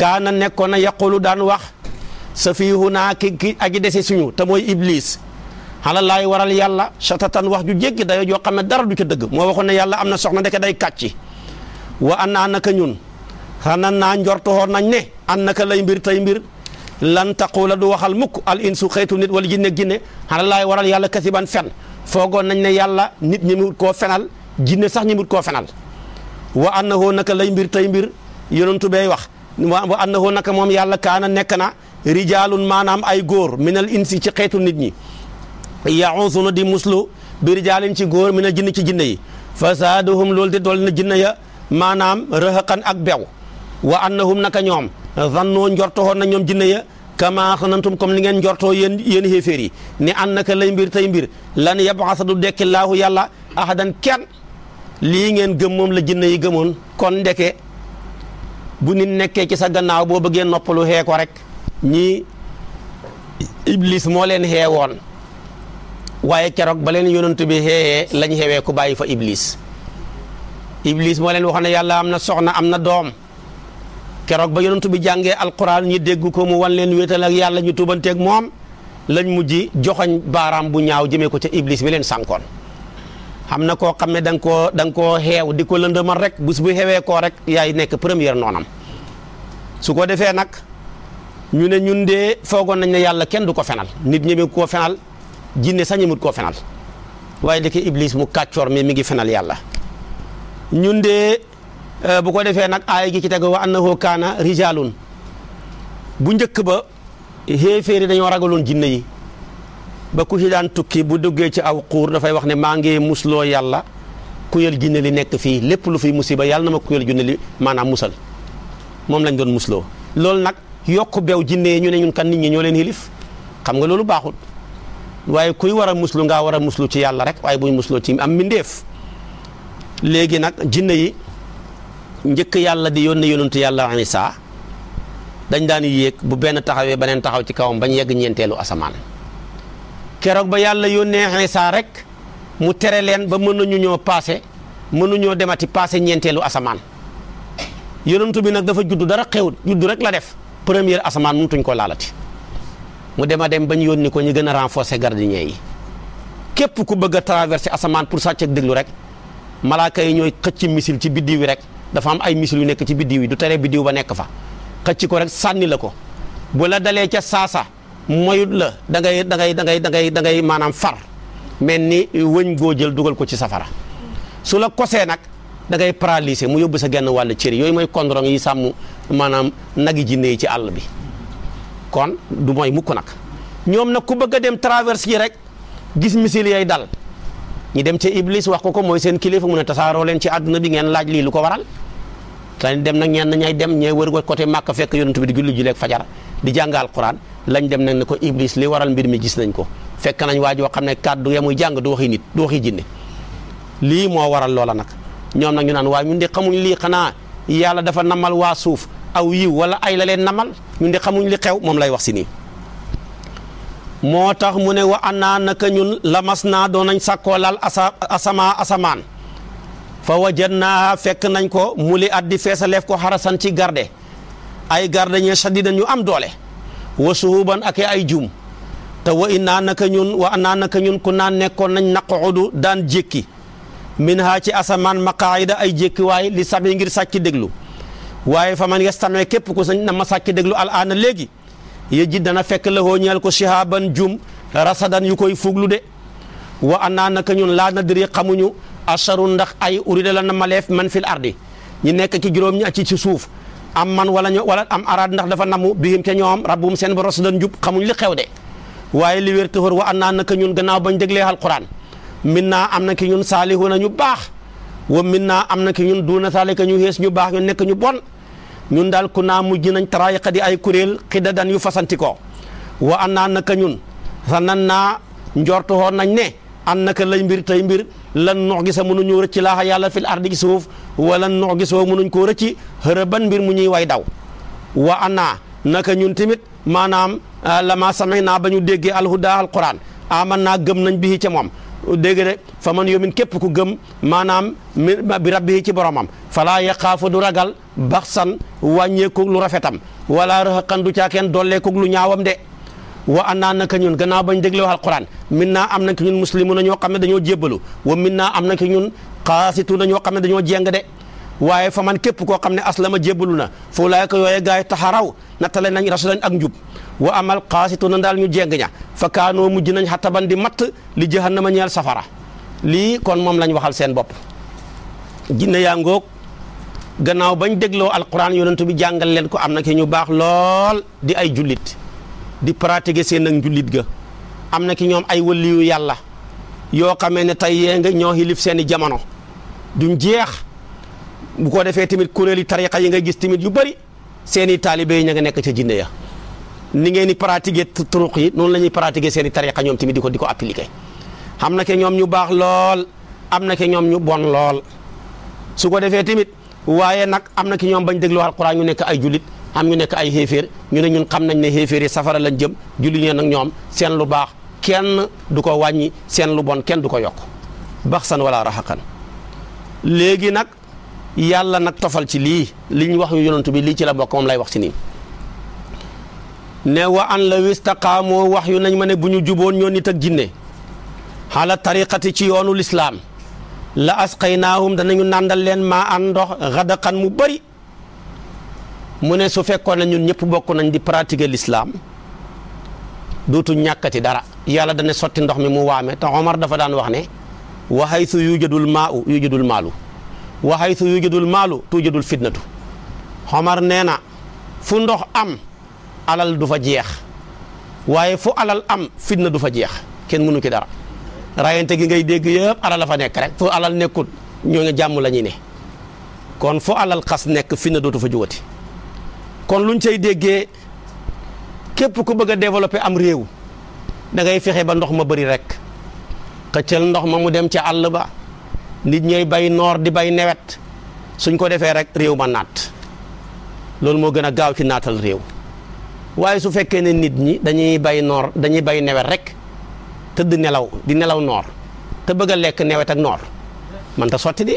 kaana nekkoon na yaqulu daan wax safiihunaa ki ki aji dese suñu ta mooy iblis xalalaay waral yàlla satatan wax ju jéggi dayo joo xam ne dara du ca dëgg moo waxoon ne yàlla am na soxna ndeke day kàcci wa an naa naka ñun xanan naa njortoxoon nañ ne an naka lay mbir tey mbir lan taqula du waxal mukk al insu xëytu nit wala jinne ginne xalalaay waral yàlla kasiban fen foogoon nañ ne yàlla nit ñi mut koo fenal jinne sax ñi mut koo fenal wa annahu naka lay mbir tey mbir yonentu wa annahu naka moom yàlla kaana nekk na rijaalun maanaam ay góor minal insi ci xeetu nit ñi yausuna di muslu bi rijaalin ci góor minal jinni ci jinne yi fa fasaaduhum loolu de dool na jinne ya maanaam rëhaqan ak bew wa annahum naka ñoom zannoo njortoxoon na ñoom jinne ya kama xanantum comme ni ngeen njortoo yéen yéen xéeféer yi ne an naka lay mbir tey mbir lan yabasa du dekki laahu yàlla ahadan kenn lii ngeen gëm moom la jinne yi gëmoon kon ndeke bu nit nekkee ci sa gannaaw boo bëggee noppalu xee ko rek ñii iblis moo leen xeewoon waaye keroog ba leen yonent bi xeeyee lañ xeewee ku bàyyi fa iblis iblis moo leen waxoon ne yàlla am na soxna am na doom keroog ba yonent bi jàngee alquran ñi dégg ko mu wan leen wéetal ak yàlla ñu tubanteeg moom lañ mujj joxoñ baaraam bu ñaaw jëmee ko ca iblis mi leen sànkoon xam na koo xam ne da ko koo koo xeew di ko lëndëmal rek bés bu xewee koo rek yaay nekk première noonam su ko defee nag ñu ne ñun de foogoon nañ ne yàlla kenn du ko fenal nit ñeme koo fenal jinne sax mut koo fenal waaye dëkk iblis mu kàccoor mi mi ngi fenal yàlla ñun de euh, bu ko defee nag aaya gi ci teg wa annahu kaana rijaalun bu njëkk ba xéeféeri dañoo ragaloon jinne yi ba ku ci daan tukki bu duggee ci aw xuur dafay wax ne maa ngi musloo yàlla kuyal jinne li nekk fii lépp lu fiy musiba yàlla na ma kuyal jinne li maanaam musal moom lañ doon musloo loolu nag yokk bew jinne ñu ne ñun kan nit ñi ñoo leen xilif xam nga loolu baaxul waaye kuy war a muslu ngaa war a muslu ci yàlla rek waaye buñ musloo ci am mbindeef léegi nag jinne yi njëkk yàlla di yoon yónne yonentu yàlla Isaa dañ daan yéeg bu benn taxawee beneen taxaw ci kawam bañ yegg ñeenteelu asamaan keroog ba yàlla yoon yónnee Isaa rek mu tere leen ba mën nañu ñoo paase mënuñoo demati paase ñeenteelu asamaan yonentu bi nag dafa judd dara xewut judd rek def première asamaan tuñ ko laalati mu dem a dem ba ñu yónni ko ñu gën a renforcer gardien yi képp ku bëgg a traverser asamaan pour sàcc ak déglu rek malaaka yi ñooy xëcc misil ci biddiw yi rek dafa am ay misil yu nekk ci biddiw yi du tere biddiw ba nekk fa xëcc ko rek sànni la ko bu la dalee ca saasa moyut la dangay ngay da ngay da ngay da ngay da ngay maanaam far mel ni wëñ goo jël dugal ko ci safara su la kosee nag da ngay paralysé mu yóbbu sa genn wàll cër yooyu mooy kondorong yi sàmm maanaam nagi jinne yi ci àll bi kon du mooy mukk nag ñoom nag ku bëgg dem traverse yi rek gis misil yay dal ñi dem ca Iblis wax ko ko mooy seen kilifa mu ne tasaaroo leen ci àdduna bi ngeen laaj lii lu ko waral lañ dem nag ñenn dem ñooy wër ko côté Màkka fekk yonent bi di julli juleeg fajar di jàngal Alquran lañ dem nag ne ko Iblis li waral mbir mi gis nañ ko fekk nañ waa joo xam ne kàddu ya muy jàng nit du waxi jinne lii moo waral loola nag ñoom nag ñu naan waaye ñun de xamuñ lii xanaa yàlla dafa namal waa suuf aw yiw wala ay la leen namal ñun de xamuñ li xew moom lay wax si nii moo tax mu ne wa annaa naka ñun lamas naa doon nañ sàkkoo laal asa asamaan fa wajan naa fekk nañ ko mu li at di feesaleef ko xarasan ci garde ay garde ñe sadidan am doole wa suhuban ak ay juum te wa innaa naka ñun wa annaa naka ñun ku naan nekkoon nañ naqudu daan jékki min ha ci asamaan maqaayida ay jékkiwaay li sabi ngir sàcc déglu waaye fa man yastame képp ku sa na ma sàkki déglu al aana léegi yëjji dana fekk la hoo ñeel ko shihaaban jum rasadan yu koy fuglu de wa na naka ñun laa nadri xamuñu asharu ndax ay urida la na maleef man fil ardi ñu nekk ci juróom ñi ci suuf am man wala ñu wala am araad ndax dafa namu bihim ca ñoom rabbum seen ba rasadan jub xamuñ li xew de waaye li wér tëxër wa annaa naka ñun gannaaw bañ déglee alquran min naa am na ki ñun saalihuuna ñu baax wa min am na ki ñun duuna saalika ñu xees ñu baax nekk ñu bon ñun daal ku naa mujj nañ taraayqa di ay kuréel dan yu fasantikoo wa an naa naka ñun sa nan naa njortu woon nañ ne an naka lay mbir tey mbir lan nox gisa mënuñu rëcc laaxa yàlla fil ardi gi suuf wala nox gisoo mënuñ koo rëcci hërëban mbir mu ñuy way daw wa an naa naka ñun tamit maanaam ah, lama samay naa ba ñu déggee alhuda alquran aman naa gëm nañ bii ca moom dégg de fa man yomin képp ku gëm maanaam bi rabbi ci boromam falaa yaxaafu du ragal baxsan wàññeeku lu rafetam wala raxaqan du caakeen dolleeku lu ñaawam de wa annaa naka ñun gannaaw bañ dégloo alquran min naa am na ki ñun muslimu na ñoo xam ne dañoo jébbalu wa min naa am na ki ñun xaasitu na ñoo xam ne dañoo jéng de waaye fa man képp koo xam ne aslama jébbalu na fa ulaayka yooye gaay taxaraw nattale nañ rasulan ak njub wa amal na daal ñu jeng ña fa kaanoo mujj nañ xa xattaban di matt li jahannama ñeel safara lii kon moom lañ waxal seen bopp jinne yaa ngoog gannaaw bañ dégloo alquran yonentu bi jàngal leen ko am na ki ñu baax lool di ay jullit di pratiquer seen ak njullit ga am na ki ñoom ay waliyu yàlla yoo xamee ne tey yee nga ñoo xilif seen i jamono duñ bu ko defee tamit kuréeli tariqa yi nga gis tamit yu bëri seeni taalibe yi ña nga nekk ca jinde ya ni ngeen di yi noonu la ñuy pratiquer seeni tariqa ñoom tamit di ko di ko appliquer xam na ke ñoom ñu baax lool am na ke ñoom ñu bon lool su ko defee tamit waaye nag am na ki ñoom bañ dégloo alquran ñu nekk ay jullit am ñu nekk ay xéeféer ñu ne ñun xam nañ ne xéeféer yi safara lañ jëm jullit ñee nag ñoom seen lu baax kenn du ko wàññi seen lu bon kenn du ko yokk baxsan wala raxaqan léegi yàlla nag tofal ci lii li ñu wax yu bi lii ci la bokk moom lay wax ci nii ne wa an la wistaqaamoo wax yu nañ ma ne bu ñu juboon ñoo nit ak jinne xaala tariqati ci yoonu lislaam la asqaynaahum danañu nàndal leen ma an ndox xadaqan mu bari mu ne su fekkoon na ñun ñëpp bokk nañ di pratiquer lislaam dootu ñàkkati dara yàlla dana sotti ndox mi mu waame te Omar dafa daan wax ne wa haythu yujadul maa'u yujadul maalu wa haythu yujadul maalu tujadul fitnatu xomar nee na fu ndox am alal du fa jeex waaye fu alal am fitna du fa jeex kenn mënu ki dara rayante gi ngay dégg yëpp alal fa nekk rek fu alal nekkul ñoo ngi jàmm la ñuy ne kon fu alal xas nekk fitna dootu fa jógati kon lu luñ say déggee képp ku bëgg a développer am réew dangay fexe ba ndox ma bari rek xëccal ndox ma mu dem ca àll ba nit ñooy bay noor di bay nawet suñ ko defee rek réew ma naat loolu moo gën a gaaw ci naatal réew waaye su fekkee ne nit ñi dañuy bay noor dañuy bay nawet rek tëdd nelaw di nelaw noor te bëgg a lekk nawet ak noor man ta sotti di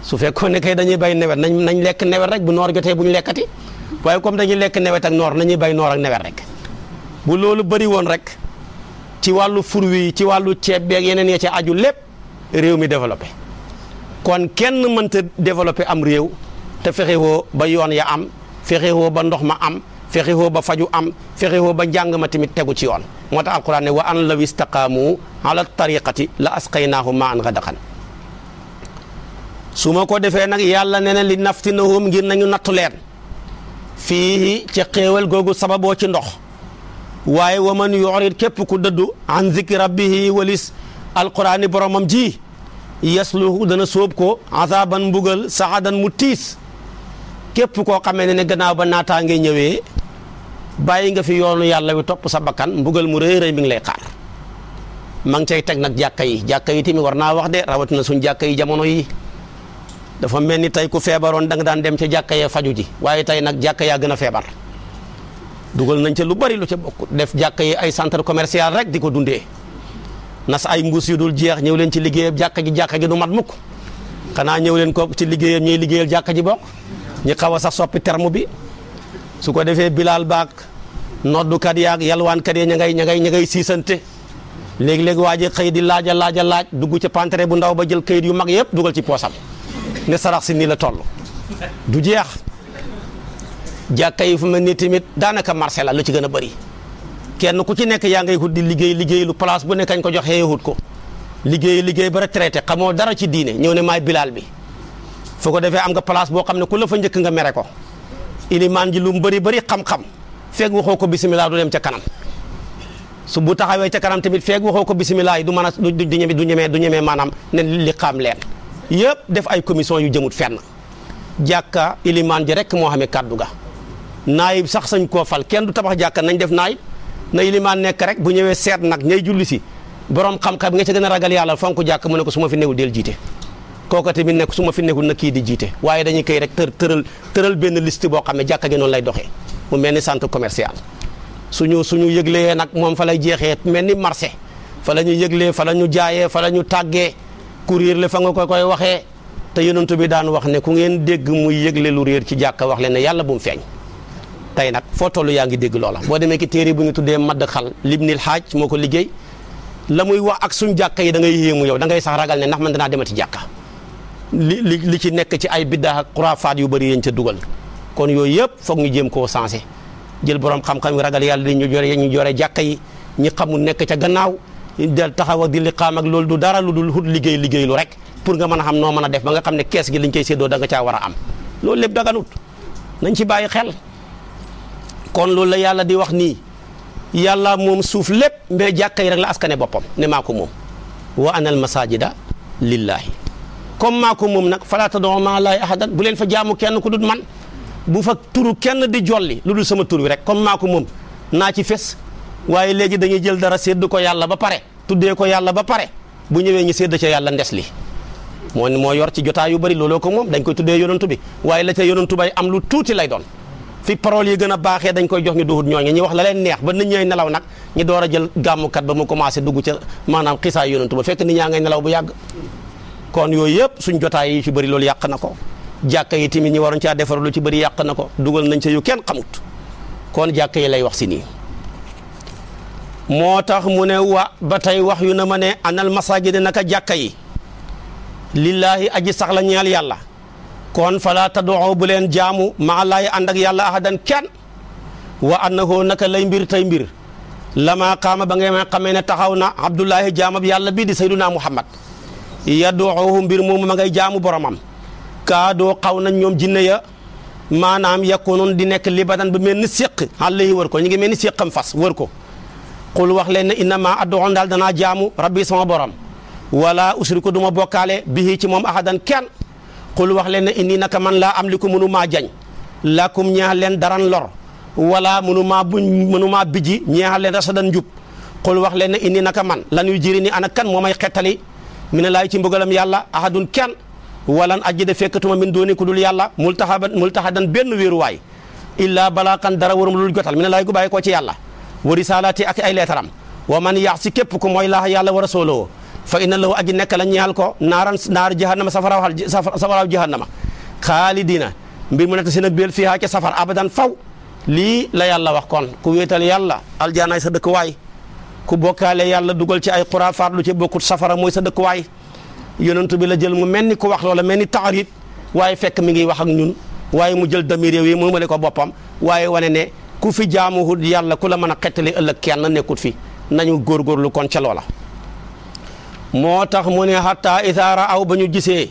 su fekkoon ne kay dañuy bay nawet nañ nañ lekk nawet rek bu noor jotee bu ñu lekkati waaye comme dañuy lekk nawet ak noor nañuy bay noor ak nawet rek bu loolu bëri woon rek ci wàllu fur wi ci wàllu ceeb beeg yeneen ya ci aju lépp réew mi développé kon kenn mënta développer am réew te fexe woo ba yoon ya am fexe woo ba ndox ma am fexe woo ba faju am fexe woo ba njàng ma tamit tegu ci yoon moo tax alquran ne wa an la istaqaamu ala tariqati la asqaynaahum ma an gadaqan su ma ko defee nag yàlla ne na li naftinahum ngir nañu nattu leen fii ci xéewal googu sababoo ci ndox waaye wa man yurid képp ku dëddu an zikri rabbihi walis alqurani boromam ji yasluhu dana sóob ko azaban mbugal saadan mu tiis képp koo xamee ne gannaaw ba naataange ñëwee bàyyi nga fi yoonu yàlla wi topp sa bakkan mbugal mu rëy rëy mi ngi lay xaar ma ngi cay teg nag jàkka yi jàkka yi tamit war naa wax de rawatina suñ jàkka yi jamono yi dafa mel ni tey ku feebaroon danga daan dem ca jàkka yee faju ji waaye tey nag jàkka yaa gën a feebar dugal nañ ca lu bari lu ca bokk def jàkka yi ay centre commercial rek di ko dundee nas ay mbuus yu dul jeex ñëw leen ci liggéeyam jàkka ji jàkka ji du mat mukk xanaa ñëw leen ko ci liggéeyam ñuy liggéeyal jàkka ji bokk ñi xaw a sax soppi terme bi su ko defee bilaal baak noddukat yaag yalwaankat ya ña ngay ña ngay ña ngay siisante léegi-léegi waa ji xëy di laaj a laaj dugg ci pantere bu ndaw ba jël kayit yu mag yëpp dugal ci poosam ne sarax si nii la toll du jeex jàkka yi fu mel ni tamit daanaka marché la lu ci gën a bari kenn ku ci nekk yaa ngay wut di liggéey liggéey lu place bu ne kañ ko jox xeewut ko liggéey liggéey ba traité xamoo dara ci diine ñëw ne maay bilaal bi foo ko defee am nga place boo xam ne ku la fa njëkk nga mere ko ilimaan ji lu mu bari bëri xam-xam feeg waxoo ko bisimilah du dem ca kanam su bu taxawee ca kanam tamit feeg waxoo ko bisimilah yi du mën a du du ñeme du ñeme du ñeme maanaam ne li xam leen yëpp def ay commission yu jëmut fenn jàkka ilimaan ji rek moo xamee kàddu ga naayib sax sañ koo fal kenn du tabax jàkka nañ def naayib na ma nekk rek bu ñëwee seet nag ñay julli si borom xam-xam nga ca gën a ragal yàlla fonk jàkk mu ne ko su ma fi newul del jiite kooka tamit nekk su ma fi newul na kii di jiite waaye dañuy koy rek tër tëral tëral benn list boo xam ne jàkka gi noonu lay doxee mu mel ni centre commercial suñu suñu yëglee nag moom fa lay jeexee mel ni marché fa la ñu yëglee fa la ñu jaayee fa la ñu tàggee courrier la fa nga ko koy waxee te yonentu bi daan wax ne ku ngeen dégg muy yëgle lu réer ci jàkk wax leen ne yàlla bu mu feeñ tey nag foo toll yaa ngi dégg loola boo demee ki téere bu ñu tuddee madd xal libnil xaaj moo ko liggéey la muy wax ak suñ jàkka yi da ngay yéemu yow da ngay sax ragal ne ndax man danaa demati jàkka li li li ci nekk ci ay biddaa ak faat yu bëri yéen ca dugal kon yooyu yëpp foog ñu jéem koo sancé jël borom xam-xam ragal yàlla li ñu jore ñu jore jàkka yi ñu xamul nekk ca gannaaw del taxaw ak di liqaam ak loolu du dara lu dul xut liggéey liggéey lu rek pour nga mën a xam noo mën a def ba xam ne kees gi liñ koy séddoo da nga war am loolu lépp daganut ci bàyyi xel kon loolu la yàlla di wax nii yàlla moom suuf lépp mbee jàkka yi rek la askane boppam ne maa ko moom wa anal masajida lillaahi comme maa ko moom nag falaata tad'u ma'a llaahi ahadan bu leen fa jaamu kenn ku dul man bu fa turu kenn di jolli lu dul sama tur bi rek comme maa ko moom naa ci fes waaye léegi dañu jël dara sédd ko yàlla ba pare tuddee ko yàlla ba pare bu ñëwee ñu sédd ca yàlla ndes li moo moo yor ci jotaay yu bari looloo ko moom dañ koy tuddee yonantu bi waaye la ca yonantu bay am lu tuuti lay doon fi parole yi gën a baaxee dañ koy jox ñu duhut ñooñu ñu wax la leen neex ba nit ñooy nelaw nag ñu door a jël gàmmukat ba mu commencé dugg ca maanaam xisaay yonantu ba fekk nit ñaa ngay nelaw bu yàgg kon yooyu yëpp suñ jotaay yi ci bëri loolu yàq na ko jàkka yi tamit ñi waroon caa defar lu ci bëri yàq na ko dugal nañ ca yu kenn xamut kon jàkka yi lay wax si nii moo tax mu ne wa ba tey wax yu na ma ne anal masaajid naka jàkka yi lillaahi aji sax la ñeel yàlla kon fala tadoo bu leen jaamu maa laay ànd yàlla ahadan kenn wa annahu naka lay mbir tay mbir lama qaama ba nga xamee ne taxaw na abdullahi jaamab yàlla bii di sayduna muhammad yadoohu mbir moomu ma ngay jaamu boromam kaadoo xaw na ñoom jinne ya maanaam yakoonoon di nekk libadan ba mel ni séq alayhi wër ko ñu ngi mel ni séqam fas wër ko qul wax leen ne innama addoon daal danaa jaamu rabbi sama borom wala usriku du bokkaale bihi xul wax leen ne inni naka man laa am li ko mënu maa jañ laakum ñeex leen daran lor wala mënu maa bu mënu maa bijji ñeex leen rasadan njub xul wax leen ne inni naka man lan yu jiri ni ana kan moo may xettali mi ne laay ci mbugalam yàlla ahadun kenn walan ajjide fekkatuma min dooni ku dul yàlla multaxaban multaxadan benn wéeruwaay illaa kan dara warum lul jotal mi ne laay gu bàyyi koo ci yàlla wa risalaati ak ay leetaram wa man yaax si képp ku mooy laa yàlla wa rasooloo fa inna lahu aji nekk la ñaal ko naara naar jahannama safaraaw safaraaw jahannama xaalidina mbir mu nekk si nag biir fiihaa ca safar abadan faw lii la yàlla wax kon ku wéetal yàlla aljaanaay sa dëkkuwaay ku bokkaale yàlla dugal ci ay xuraafaat lu ci bokkut safara mooy sa dëkkuwaay yonentu bi la jël mu mel ni ku wax loola mel ni taarit waaye fekk mi ngi wax ak ñun waaye mu jël dami réew yi mu male ko boppam waaye wane ne ku fi jaamuhul yàlla ku la mën a xettali ëllëg kenn nekkut fi nañu góorgóorlu kon ca loola moo tax mu ne xataa isaara aw ba ñu gisee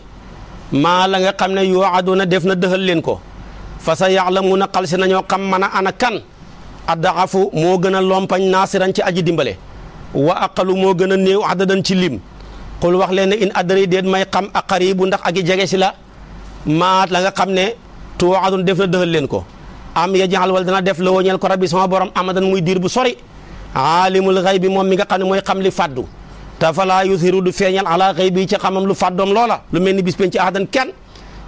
maa la nga xam ne yoo aduna def na dëxal leen ko fa sa mu xal si nañoo xam man a ana kan addaafu moo gën a lompañ naasiran ci aji dimbale wa aqalu moo gën a néew adadan ci lim xul wax leen ne in adari déet may xam a qaribu ndax aji jege si la maa la nga xam ne tuwo aduna def na dëxal leen ko am ya jaxal wala dana def la woo ñeel ko rabbi sama borom dan muy diir bu sori aalimul xay bi moom mi nga xam ne mooy xam li fàddu te falaa yuthiru du feeñal ala xëy bi ci xamam lu fàddoom loola lu mel ni bis penc ahadan kenn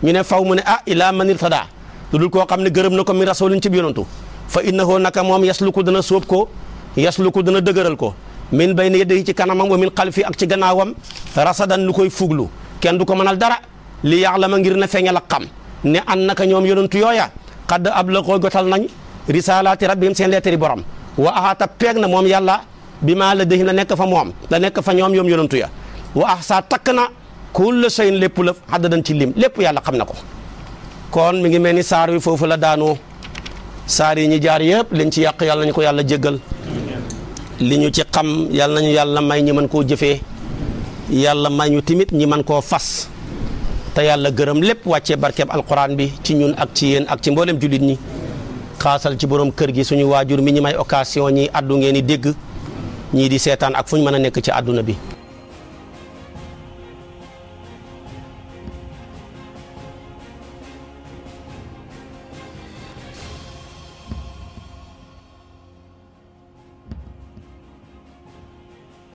ñu ne faw mu ne ah ilaa manil tada lu dul koo xam ne gërëm na ko mi rasulin ci yonantu fa innahu naka moom yasluku dana sóob ko yasluku na dëgëral ko min bayna yadayhi ci kanamam wa min xalfi ak ci gannaawam rasadan lu koy fuglu kenn du ko manal dara li ma ngir na feeñal ak xam ne an naka ñoom yonantu yooya xadd ab la koo gotal nañ risalaati rabbihim seen leetari borom wa ahaata peeg na bi maa la dëhin la nekk fa moom la nekk fa ñoom yoom yonantu ya wa ahsa takk na kulla shay'in lépp la xaddadan ci lim lépp yàlla xam na ko kon mi ngi mel ni saar wi foofu la daanoo saar yi ñu jaar yëpp liñ ci yàq yàlla nañu ko yàlla jéggal li ñu ci xam yàlla nañu yàlla may ñi mën koo jëfee yàlla may ñu timit ñi mën koo fas te yàlla gërëm lépp wàccee barkeeb alquran bi ci ñun ak ci yéen ak ci mboolem jullit ñi xaasal ci boroom kër gi suñu waajur mi ñu may occasion ñi addu ngeen di dégg ñii di seetaan ak fu ñu mën a nekk ci àdduna bi